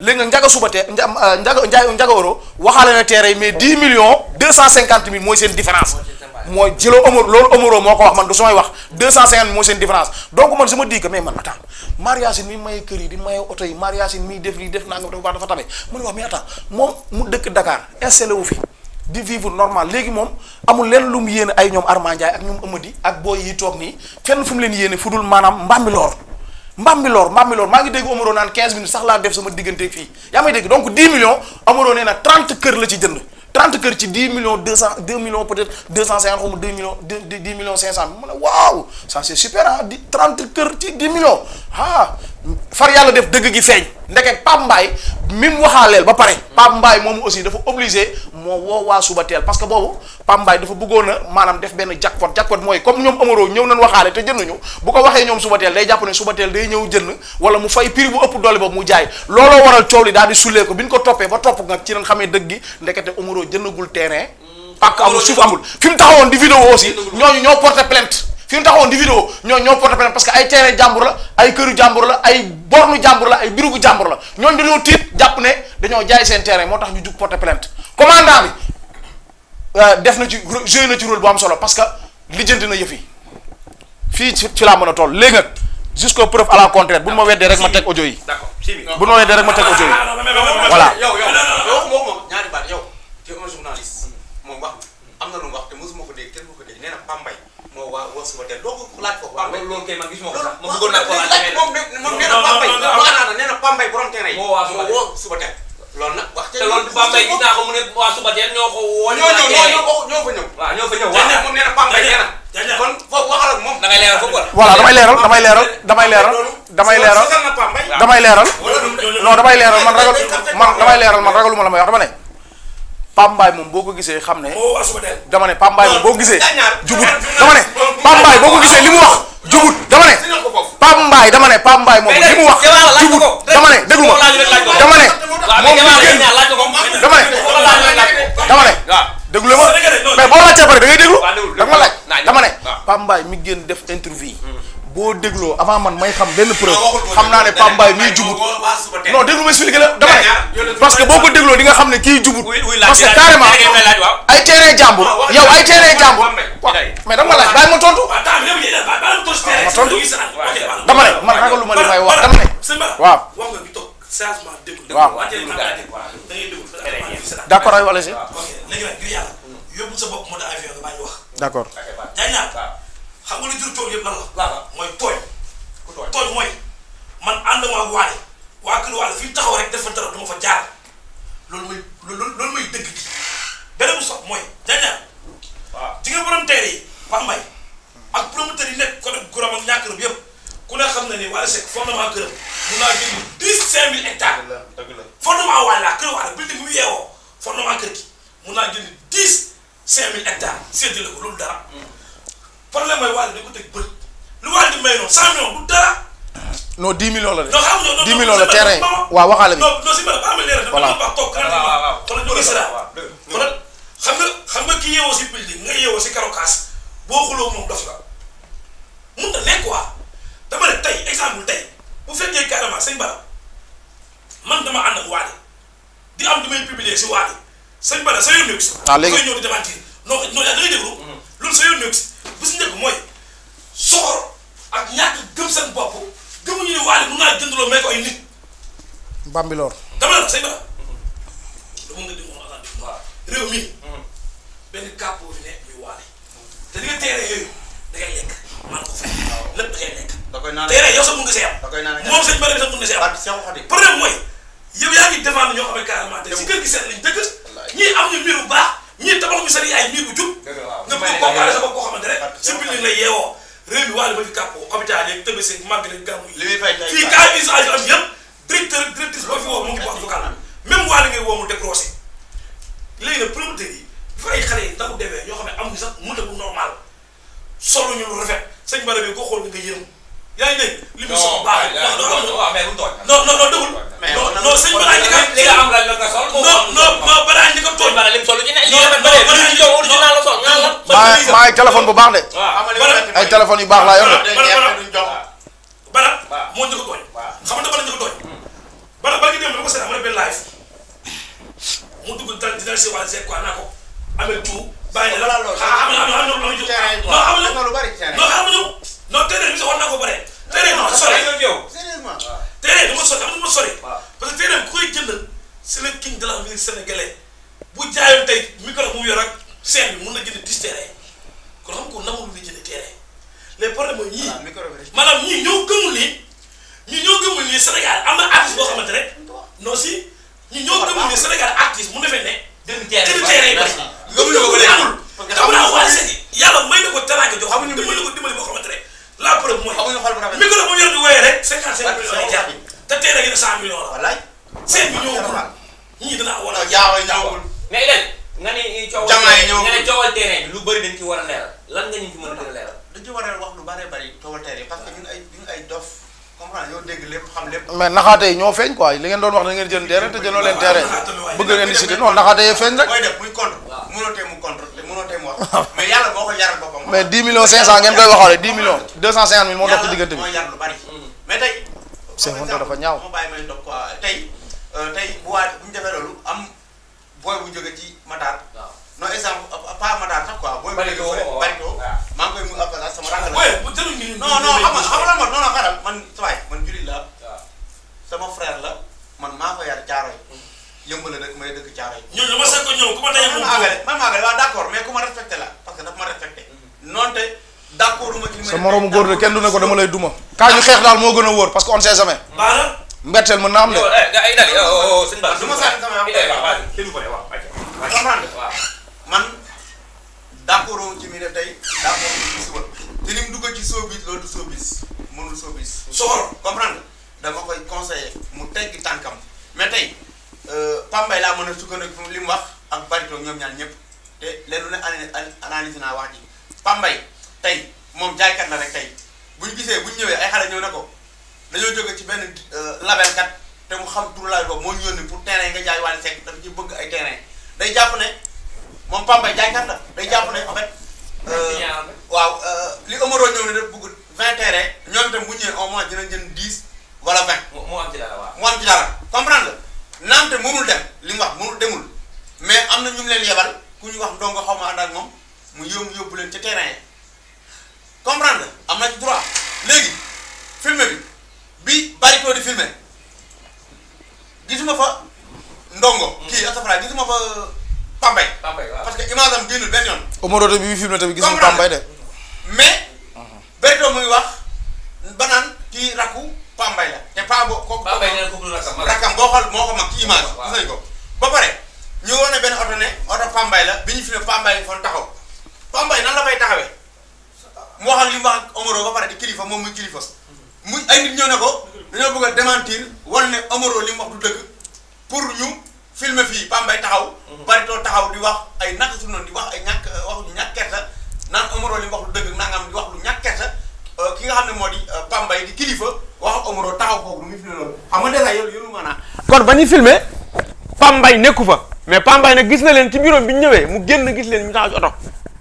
léegi nag njaga suba te njaga njaga njaga oro waxaale na teere mais 10 millions 250 mille mooy seen différence mooy jëloo Omar loolu Omaro moo ko wax man du samay wax 250 mille mooy seen différence donc man su ma di que mais man attends Mariasine mi may kër yi di maye oto yi Mariasine miy def lii def naa nga dafa baax dafa tabe mu ne wax mais attends moom mu dëkk Dakar installé wu fi di vivre normal léegi moom amul leen lu mu yéene ay ñoom Armand ak ñoom Amady ak booy yi toog nii fenn fu mu leen yéene fu dul maanaam mbambi loor Mbambilor Mbambilor maa ngi dégg Omaro naan 15 minutes sax laa def sama diggante fii yaa may dégg donc 10 millions Omaro nee na 30 kër la ci jënd 30 kër ci 10 millions 200 2 millions peut-être 250 ou 2 millions 2 10 millions 500 mu ne waaw ça super ah di kër ci 10 millions ah far yàlla def dëgg gi feeñ. ndeket Pape Mbaye mi mu waxaaleel ba pare. Mm. Pape Mbaye moom aussi dafa obligé moo woo waa suba teel parce que boobu Pape Mbaye dafa bëggoon a maanaam def benn jackpot jackpot mooy comme ñoom Amaro ñëw nañ waxaale te jënduñu bu ko waxee ñoom suba teel day jàpp ne suba teel day ñëw jënd wala mu fay prix bu ëpp doole ba mu jaay looloo waral coow li daal di sulee ko bi ñu ko toppee ba topp nga ci lañ xamee dëgg gi ndekete Amaro jëndagul terrain. Mm. pàkk amul suuf fi ñu taxawoon di ñoo ñoo porté plainte parce que ay terrain jàmbur la ay këru jàmbur la ay bornu jàmbur la ay birugu jàmbur la ñooñu dañoo tiit jàpp ne dañoo jaay seen terrain moo tax ñu jug porté plainte commandant bi def na ci joué na ci rôle bu am solo parce que lijjanti na yëf yi fii ci laa mën a toll léegi nag jusqu'aux preuves à la contraire bu ma weddee rek ma teg audio yi. d'accord bu ma weddee rek ma teg audio yi voilà. waa waa suba waaw moom moom nee na la nee na Pambay borom teel rek. moo waa suba teel moo woo suba teel. loolu loolu Pambay gis naa ko mu ne waa ko woo. ñoo ñëw ñoo ko ñoo fa ñëw. waaw ñoo fa ñëw waaw moom nee na Pambay nee na. kon foofu waxal moom da ngay leeral foofu wala. voilà damay leeral damay leeral damay leeral damay leeral damay leeral non damay leeral man ragal man damay leeral man ragaluma la may wax dama ne pambaay moom boo ko gisee xam ne. Oh, dama ne pambaay moom boo ko gisee. jubut dama ne pambaay boo ko gisee li mu wax. jubut dama ne. pambaay dama ne pambaay moom li mu wax. jubut dama dama ne. moom mi génn dama ne. dama ne déglu ma pare da ngay déglu. da nga ma laaj dama ne. pambaay mi gën def interview. boo dégloo avant man may xam benn preuve xam naa ne Pape Mbaye mii jubut non déglu ma expliqué la dama ne parce que boo ko dégloo di nga xam ne kii jubut parce que carrément ay terrain jàmbur yow ay terrain jàmbur mais dama ma ma tontu dama ne man ma li may wax dama ne waaw waaw d'accord ay wala si d'accord xam nga lu jur tool yëpp lan la. lan la mooy tooñ. ku mooy man ànd ma ak waale waa kër waale fii taxaw rek dafa dara du fa jaar loolu mooy loolu loolu mooy dëgg gi beneen bu sox mooy jañaar. waaw ji nga borom teere yi Pambay ak promoteur yi nekk côté Gouram ak ñàkk yëpp ku ne xam na ni Wally Seck fondement këram kër bu yeewoo fondement kër mun naa jël dix cinq mille hectares séddale ko loolu dara. Mm. problème mooy Wally da ko teg bët lu Wally di may noonu cent millions du dara. non dix millions la de. non xamuñu non dix millions la terrain. waaw waxaale bi non non si ma la xam nga xam nga ki yeewoo si building nga yeewoo si karokaas boo xuloo moom dof la mun na nekk quoi dama ne tey exemple tey bu fekkee carrément sëñ Bada man dama ànd ak Wally di am di may publier si Wally sëñ Bada sa yoon nekk si. waaw ah, léegi da mooy soxor ak ñàkk gëm seen bopp gëmuñu ne waale mun naa jëndloo may ko ay nit. Bambilor. dama la sëñ Ba. dama nga déglu maanaam déglu mi. Mm-hmm. benn kàpp boo fi nekk muy waale. te li nga teere yooyu da ngay lekk man ko fekk. waaw lépp da ngay lekk. teere yow sax mun nga see am. da koy naan moom sëñ mun nga see am. problème mooy yow yaa ngi défendre ñoo xam ne carrément te si kër gi seet nañ dëkk am ñu mbir baax ñii tabax ñu seen ay miir bu jub. nga bëgg comparer sama koo xamante ne si biir la yeewoo réew mi waa ba fi kàpp hôpital yeeg tëbëseeg màggal gàmmu yi. li fii cas usage am yëpp directeur directrice boo fi woo mu ngi wax vocal même waa la ngay woo mu décroché léegi nag promoteur yi fa xale yi ndax demee ñoo xam ne amuñu sax mënta bu normal solo ñu lu rafet sëñ Bada bi ko xool nga yërëm yaa ngi ay téléphone bu baax de. ay téléphone yu baax laa yor de. bala moo njëkk a tooñ. xam nga bala njëkk a tooñ. Hmm. bala bala ñu dem dama ko seet am na benn live mu dugg dal dina si waa quoi naa ko amee tout bàyyi la am na am na am na lu bari caa non xam nga ñëw non tey de war naa ko bare. tey de du ma sori tey de du ma sori am na du ma sori. parce que tey de ku koy jënd c'est le king de la musique sénégalaise bu jaayoon tey micro mu yor ak scène bi mun na jënd dix terrain kon xam ko nanguwul li jënd terrain les problèmes mooy ñii. maanaam ñii ñoo gëmul ni ñii ñoo gëmul ni Sénégal am boo xamante rek non si ñii ñoo gëmul ni Sénégal artiste mu defee ne. jënd terrain jënd terrain yi bari. gëmuñu ko léegi amul. xam naa waa Sénégal yàlla may na ko teraanga jox xamuñu dimbali ko dimbali boo xamante rek la preuve mooy. xamuñu xol bu rafet micro bu yor rek. 55 millions lay jar te terrain yi 100 millions la. wallaay 5 millions ñii dana wala nga ne eh, coowal terrain bi lu bëri dañ ci war a leeral lan nga ñu xam lépp mais naxaate yi ñoo feeñ quoi li ngeen doon wax da ngeen jënd terrain te jëndoo leen terrain bëgg mais yàlla boo ko yaral boppam mais 10 millions 500 ngeen koy waxaale 10 millions 250 mille moo dox ci diggante bi yar lu mm. dafa ñaaw booy bu jóge ci Matar. waaw non exemple euh, euh, pas Matar sax quoi. booy bu jóge fële Barito maa ngi koy mu appel sama rakk la. booy bu tënul ñu. non non xam nga xam nga man non non xaaral man sawaay man jullit la. sama frère la man maa ko yar caaro yi. yëmbale nag may dëkk caaro yi. ñun lu ma sën ko ñëw ku ma tey. moom man maa ngi waaw d' accord mais ku ma respecté la parce que daf ma respecté. Mhm. non te d' accord ma ci. sa moromu góor de kenn du ne ko dama lay duma. kaa ñu xeex daal moo gën a wóor parce que on sait jamais. mbaa la mbetteel mën na am de. yow eh, ba du ma sànni sama yoon eh, man d'accord ci mi def tey d'accord ci suba te ni mu dugg ci soobis loolu du soobis mënul soobis soxor comprendre dama koy conseiller mu teggi tànkam mais tey euh, Pambay laa mën a sukkandiku li mu wax ak barito ñoom ñaan ñëpp te leen lu ne analyse naa wax nii Pambay tey moom jaaykat la rek tey buñ gisee buñ ñëwee ay xale ñëw na ko dañoo jóge ci benn euh, labelkat te mu xam turu laaj boobu moo ñu yónni pour terrain nga jaay Wally Seck dafa ci bëgg ay terrain day jàpp ne moom Pambay jaaykat la day jàpp ne en fait. Euh, waaw euh, li Omaro ñëw ne daf bëgg vingt terrain ñoom itam bu ñëwee au moins dina jënd dix wala vingt. mu mu am ci dara waaw mu am ci dara li mu wax mënul demul mais am na ñu mu leen yebal ku ñu wax ndongo xaw ma mu yóbbu yóbbu leen ci terrain yi comprendre nga am na ci léegi filmer bi bi bari ko di filmer. gisuma fa ndongo. Mm. kii astafurlah gisuma fa Pambay. Pambay waaw parce que image am génnul benn yoon. Omaro bi bi filmé tamit gisuma Pambay de. kii rakku Pambay te Paa ko mag ci image. waaw gis ko ba pare ñu wane benn oto ne oto Pambay la bi ñu filmé Pambay foon taxaw Pambay nan la fay taxawee mu waxal li mu wax ak ba pare di kilifa moom muy kilifa muy ay nit ñëw ne ko dañoo bëgg a démentir. wan ne Omaro li mu wax lu dëgg pour ñu filmer fii Pambay taxaw. Mhm. Barito taxaw di wax ay naka su noonu di wax ay ñàkk euh, wax lu ñàkk kersa naan Omaro li mu wax du dëgg nangam di wax lu ñàkk kersa euh, ki nga xam ne moo di euh, Pambay di kilifa wax Omaro taxaw foofu lu muy filmé loolu xam nga dèjà yow yoonu maanaam. kon ba ñuy filmé Pambay nekku fa mais Pambay nag gis na leen ci bureau bi ñu ñëwee mu génn gis leen ñu taxaw ci oto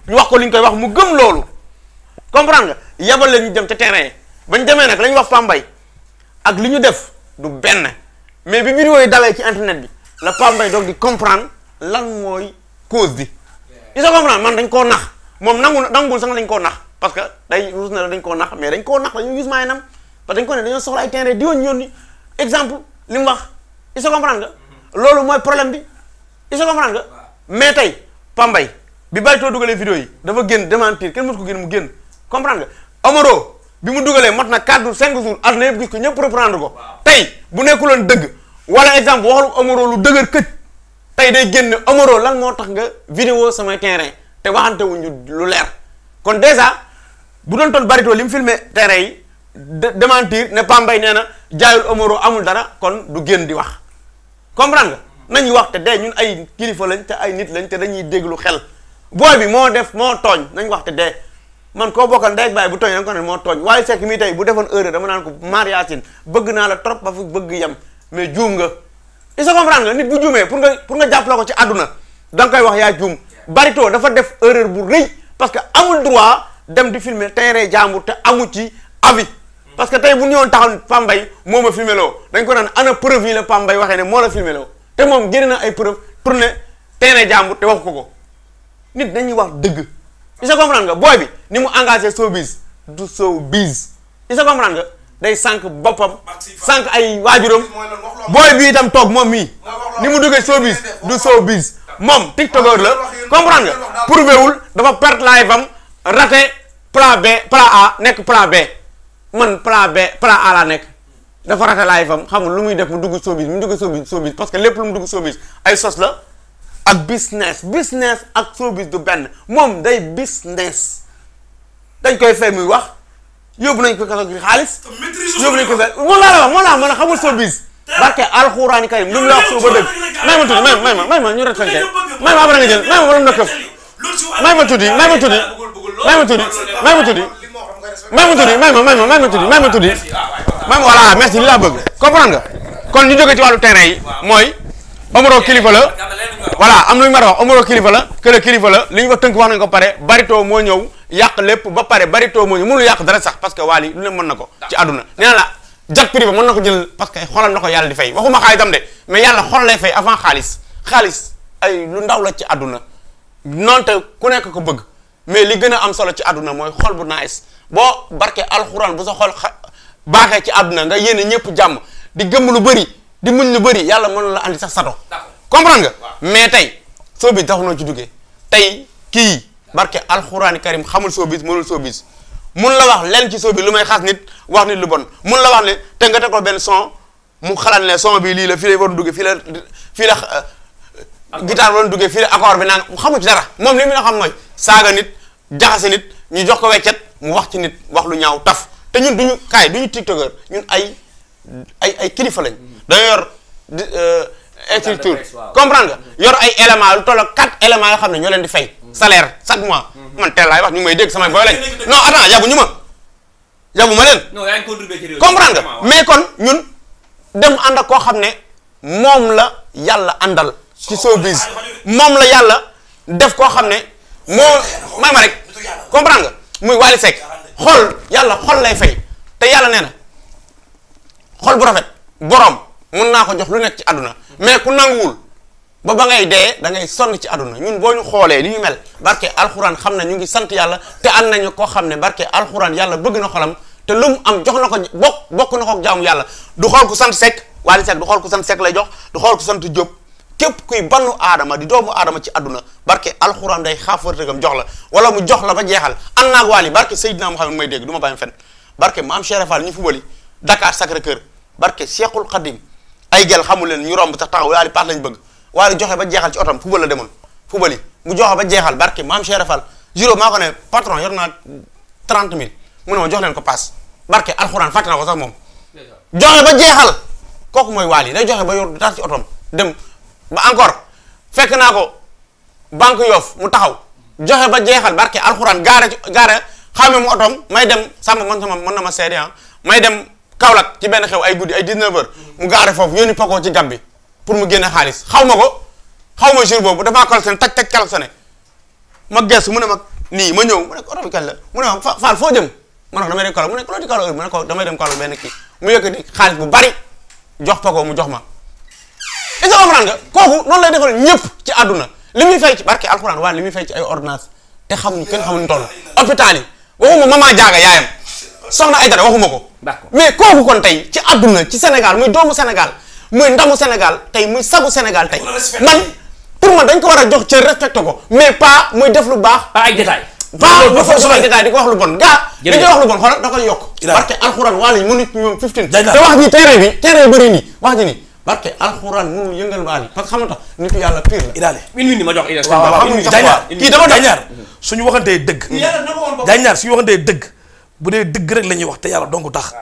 ñu wax ko li ñu koy wax mu gëm loolu comprendre nga yebal leen ñu dem ca terrain yi bañ demee nag la ñu wax Pambay ak li ñu def. du benn mais bi vidéo yi dawee ci internet bi la Pape Mbaye doog di comprendre lan mooy cause bi. il sa comprendre man dañ koo nax moom nangu nangul sax dañ koo nax parce que day ruus na la dañ koo nax mais dañ koo nax dañoo gis maa nam parce que dañ ko ne dañoo soxla ay terrain di woon ñoon exemple li mu wax il sa comprendre nga. loolu mooy problème bi il sa comprendre nga. mais tey Pape Mbaye bi bàyyi too dugalee vidéo yi dafa génn démentir kenn mësu ko génn mu génn comprendre nga Omaro. bi mu dugalee mat na 4 jours 5 jours àdduna yëpp gis ko ñëpp reprendre ko tey bu nekku nekkuloon dëgg wala exemple waxalu Omaro lu dëgër këj tey day génn Omaro lan moo tax nga vidéo samay terrain te waxante wuñu lu leer kon déjà bu doon tool barito li mu filmé terrain yi démentir ne Pambay nee na jaayul Omaro amul dara kon du génn di wax comprendre nga nañu wax te dee ñun ay kilifa lañ te ay nit lañ te dañuy déglu xel booy bi moo def moo tooñ nañ wax te dee man koo bokka ndey ak baay bu tooñ danga ko ne moo tooñ waaye sekk mii tey bu defoon erreur dama naan ko Mariatine bëgg naa la trop ba fi bëgg yem mais juum nga il se comprendre nga nit bu juumee pour nga pour nga jàppale ko ci àdduna danga koy wax yaa juum Barito dafa def erreur bu rëy parce que amul droit dem di filmer terrain jàmbur te amu ci avis parce que tey bu ñu ñëwoon taxaw Pambay moom ma filmé loo dañ ko naan ana preuve yi la Pambay waxee ne moo la filmé loo te moom génne na ay preuve tourné terrain jàmbur te waxu ko ko nit dañuy wax dëgg est-ce que comprendre nga booy bi ni mu engagé showbiz du showbiz est-ce que comprendre nga day sànq boppam sànq ay waajuram booy bi itam toog moom mii ni mu duggee showbiz du showbiz moom tiktokeur la comprendre nga prouvé wul dafa perte live am raté plan B plan A nekk plan B man plan B plan A laa nekk dafa raté live am xam nga lu muy def mu dugg showbiz mu dugg showbiz showbiz parce que lépp lu ay sos la. ak business business ak showbiz du benn moom day business dañ koy fay muy wax yóbbu nañ ko kaso gi xaalis. yóbbu nañ ko fay moom laa la wax moo laa mën a xamul showbiz. barke alxuraani karim lu mu la wax suba dëgg may ma tuddi may ma may ma ñu rek may ma abara nga jël may ma waroon na këf may ma tuddi may ma tuddi may ma tuddi may ma tuddi may ma tuddi may ma may ma may ma tuddi may ma tuddi ah, may ma voilà merci li laa bëgg comprendre nga kon ñu jóge ci wàllu terrain yi mooy Omaro kilifa la voilà am na lu ñu mën a wax Omaro kilifa la kële kilifa la li ñu wax tënk wax nañ ko pare Barito moo ñëw yàq lépp ba pare Barito moo ñëw mënul yàq dara sax parce que Wally lu ne mën na ko ci àdduna nee na la na ko jël parce que xolam na ko fay waxuma xaalisam de mais yàlla xol lay fay avant xaalis xaalis ay lu ndaw la ci àdduna noonu ku nekk ko bëgg mais li gën a am solo ci àdduna mooy xol bu nice boo barke alxuraan bu sa xol baaxee ci àdduna nga yéene ñëpp jàmm di gëmm lu bëri di muñ lu bëri yàlla mën la andi sax sato comprendre nga mais tey showbiz taxu noo ci duggee tey kii barke alxuraani karim xamul showbiz mënul showbiz mun la wax lenn ci showbiz lu may xaas nit wax nit lu bon mun la wax ne te nga teg ko benn son mu xalaat ne son bi lii la fii la war a duggee fii la fii la euh, guitare waroon duggee fii la accord bi naa xamu ci dara moom li mu na xam mooy saaga nit jaxase nit ñu jox ko weccet mu wax ci nit wax lu ñaaw taf te ñun duñu kaay duñu tiktokeur ñun ay ay ay kilifa lañ dañoo structure comprendre nga yor ay éléments lu toll quatre éléments yoo xam ne ñoo leen di fay salaire chaque mois mhm. man teel laay wax ñu ngi may dégg samay booy lañ non attends yabu ñu ma yabu ma leen comprendre nga mais kon ñun dem ànd ak koo xam ne moom la yàlla àndal ci oh, showbiz moom la yàlla def koo xam ne moo may ma rek comprendre nga muy Wally Seck xol yàlla xol lay fay te yàlla nee na xol bu rafet boroom mun naa ko jox lu nekk ci àdduna mais ku nanguwul ba ba ngay dee da ngay sonn ci àdduna ñun boo ñu xoolee li ñu mel barke alxuraan xam na ñu ngi sant yàlla te am nañu koo xam ne barke alxuraan yàlla bëgg na xolam te lu mu am jox na ko bokk bokk na ko jaamu yàlla du xool ku sant Seck Wally Seck xool ku sant Seck lay jox du xool ku sant Diop képp kuy bannu aadama di doomu aadama ci àdduna barke alxuraan day xaafartëgam jox la wala mu jox la ba jeexal an naa Wally barke Seydina Muhammad may dégg du ma bàyyi fen barke maam Cheikh Fall ñu fubali Dakar Sacré Cœur barke Cheikhul Khadim ay gel xamul leen ñu romb sax taxaw daal di paas lañ bëgg waaye joxe ba jeexal ci otom fubal la demoon fubal yi mu joxe ba jeexal barke maam Cheikh Fall juro maa ko ne patron yor naa 30 000 mu ne ma jox leen ko paas barke alxuraan fàtte na ko sax moom. joxe ba jeexal kooku mooy waal yi day joxe ba yor dara otom dem ba encore fekk naa ko banque yoof mu taxaw joxe ba jeexal barke alxuraan gaare gaare xame mu otom may dem sàmm man sama mën na ma seede ah. may dem. Kaolack ci benn xew ay guddi ay 19 heures mu gaare foofu yónni poko ci Gàmbi pour mu génne xaalis xaw ma ko xaw ma jour boobu damaa kal sene taj taj kal sene ma geesu mu ne ma nii ma ñëw mu ne ko oto bi kan la mu ne ma Fall foo jëm ma ne ko damay dem Kaolack mu ne ko loo ci Kaolack mu ne ko damay dem Kaolack benn kii mu yëkkati xaalis bu bari jox poko mu jox ma est-ce que comprendre nga kooku noonu lay defal ñëpp ci àdduna li muy fay ci barke alxuraan waaye li muy fay ci ay ordonnance te xamuñ kenn xamuñ toll hôpital yi waxuma mama jaaga yaayam soxna ay dara waxuma ko. d'accord mais kooku kon tey ci àdduna ci Sénégal muy doomu Sénégal muy ndamu Sénégal tey muy sagu Sénégal tey. man pour man dañ ko war a jox cër respecté ko mais pas muy def lu baax. pas ay détails. loolu ba foofu ay détails di ko wax lu bon gaa. jërëjëf li ñuy wax lu bon xoolal da koy yokk. barke alxuraan waa lañ mënut wax ji téere bi téere bëri nii wax nii. barke alxuraan moom yëngal baal yi parce que xam nga tax nitu yàlla la. ilaale une minute ma jox dëgg bu dee dëgg rek la ñuy wax te yàlla dong tax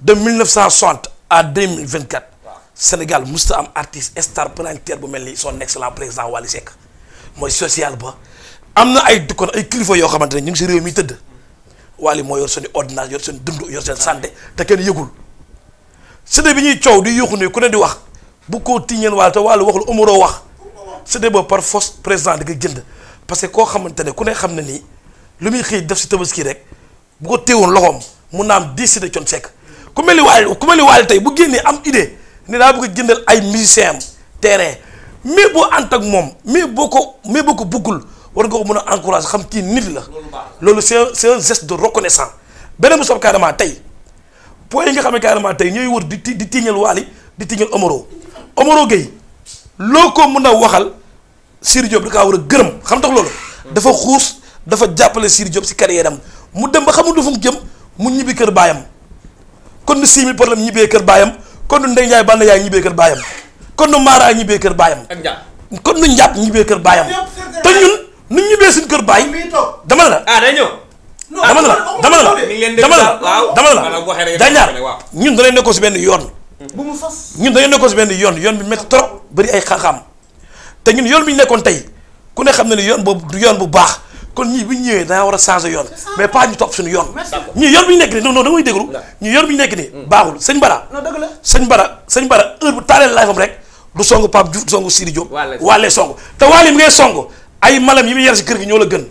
de 1960 à 2024 Sénégal musta am artiste star planétaire bu mel ni son excellent président Wally Seck mooy social ba am na ay dukkoon ay kilifa yoo xamante ne ñu ngi si réew mi tëdd Wally moo yor seen ordonnance yor seen dund yor seen santé te kenn yëgul séddee bi ñuy coow di yuuxu ne ku ne di wax bu ko tiñeen Wally te Wally waxul amuroo wax séddee boo par force président di ko jënd parce que koo xamante ne ku ne xam na ni lu muy xëy def si tabaski rek. bu ko téewoon loxoom mun naa am dix de con sec ku mel ni ku mel ni Wally tey bu génnee am idée ne daa bëgg jëndal ay musiciens am terrain mais boo ant ak moom mais boo ko mais boo ko bëggul war nga ko mën a encourager xam kii nit la. loolu c'est un c'est un geste de reconnaissance beneen bu sob carrément tey point yi nga xam ne carrément tey ñooy wër di ti di tiñal Wally di tiñal Omaro omoro Gueye loo ko mën a waxal Sidy Diop da ka war a gërëm xam tax loolu. xuus dafa jàppale Sidy si carrière am mu dem ba xamul lu fu mu jëm mu ñibbi kër baayam kon nu six mille problème ñibbee kër baayam kon nu Ndeye Ndiaye Balla yaay ñibbee kër baayam kon nu Mara ñibbee kër baayam. kon nu njàpp ñibbee kër baayam. te ñun nu ñibbee suñu kër baay. dama la ah day ñëw. dama la dama la dama la dama la dañaar ñun dañoo nekkoon si benn yoon. bu mu sos ñun dañoo nekkoon si benn yoon yoon bi métti trop bëri ay xaaxaam te ñun yoon bi ñu nekkoon tey ku ne xam na ne yoon boobu du yoon bu baax kon ñii bu ñu ñëwee daa war a changer yoon mais pas ñu topp suñu yoon ñii yoon bi ñu nekk nii non non da ngay déglu ñii yoon bi ñu nekk nii baaxul sëñ Bara sëñ Bara bu taalee laay fam rek du song Pape Diouf du song Sidi Diop waalee song te waalee mi ngay song ay malam yi muy yar si kër gi ñoo la gën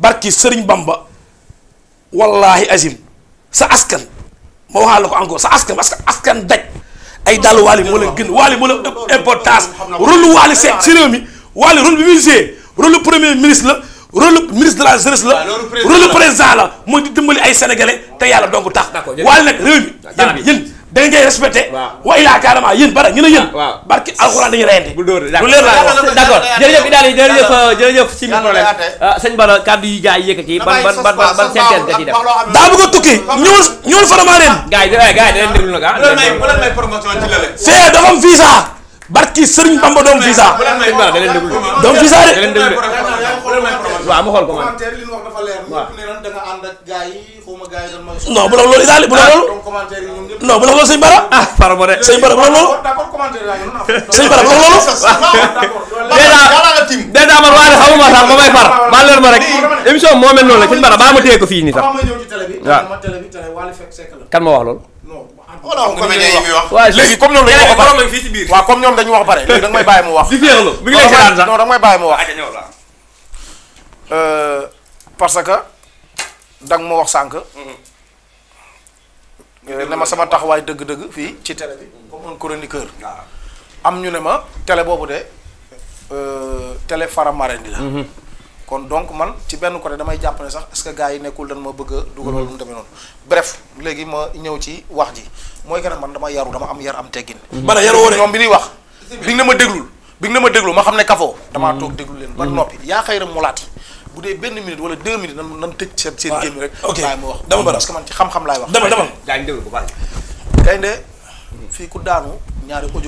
barki Sëriñ Bamba wallahi azim sa askan ma waxaa la ko encore sa askan parce que askan daj ay dàll waali moo leen gën waali moo leen importance rôle waali seet si réew mi waali rôle bi muy joué rôle premier ministre la rôle ministre de la jeunesse la. rôle président la mooy di ay sénégalais te yàlla dong tax. waaye nag réew mi yéen da ngay respecté. waaw waaye laa carrément bara ñu ne yéen. waaw alxuraan dañuy reyante. bu dóoree d'accord d'accord jërëjëf Idaly jërëjëf euh, jërëjëf si problème ah Bara kàddu yi gars yi yëkkati ban ban ban ban sentence daa bëgg a tukki ñëwal ñëwal farama leen. visa barki Serigne Bamba doom visa. doom visa de. waaw ma xool ko man. waaw. non bu la loolu Idaali bu la loolu. non bu la loolu sëñ Bara. ah Fara Bode. sëñ Bara bu la loolu. sëñ Bara bu la loolu. dèjà dèjà man waaye xamu ma sax may far baal leen ma rek émission moo mel noonu la sëñ Bara baa ma téye ko fii nii sax waaw. ma wax loolu. wala comédien yi muy wax léegi comme ñoom dañu wax ba fii ci biir waaw wax pare léegi da nga may bàyyi mu wax non da nga euh, parce que da ma wax sànq mm-hmm. euh, ne ma sama taxawaay dëgg-dëgg fii ci tele bi comme un chroniqueur ah. am ñu ne ma tele boobu de euh, télé Fara Mareen la mm-hmm. kon donc man ci benn côté damay jàpp ne sax est-ce que gars yi nekkul dañ ma bëgg a dugal mu demee noonu bref léegi ma ñëw ci wax ji mooy que ne man dama yaru dama am yar am teggin mhm. bana yaru woon ñoom bi ñuy wax bi nga ma déglul bi nga ma ma xam ne kafoo mhm. damaa toog déglu leen ba mhm. noppi yaa xëy ram mulaati bu dee benn minute wala deux minutes nan nan tëj seen seen gémmi rek waaye daanu ñaari audio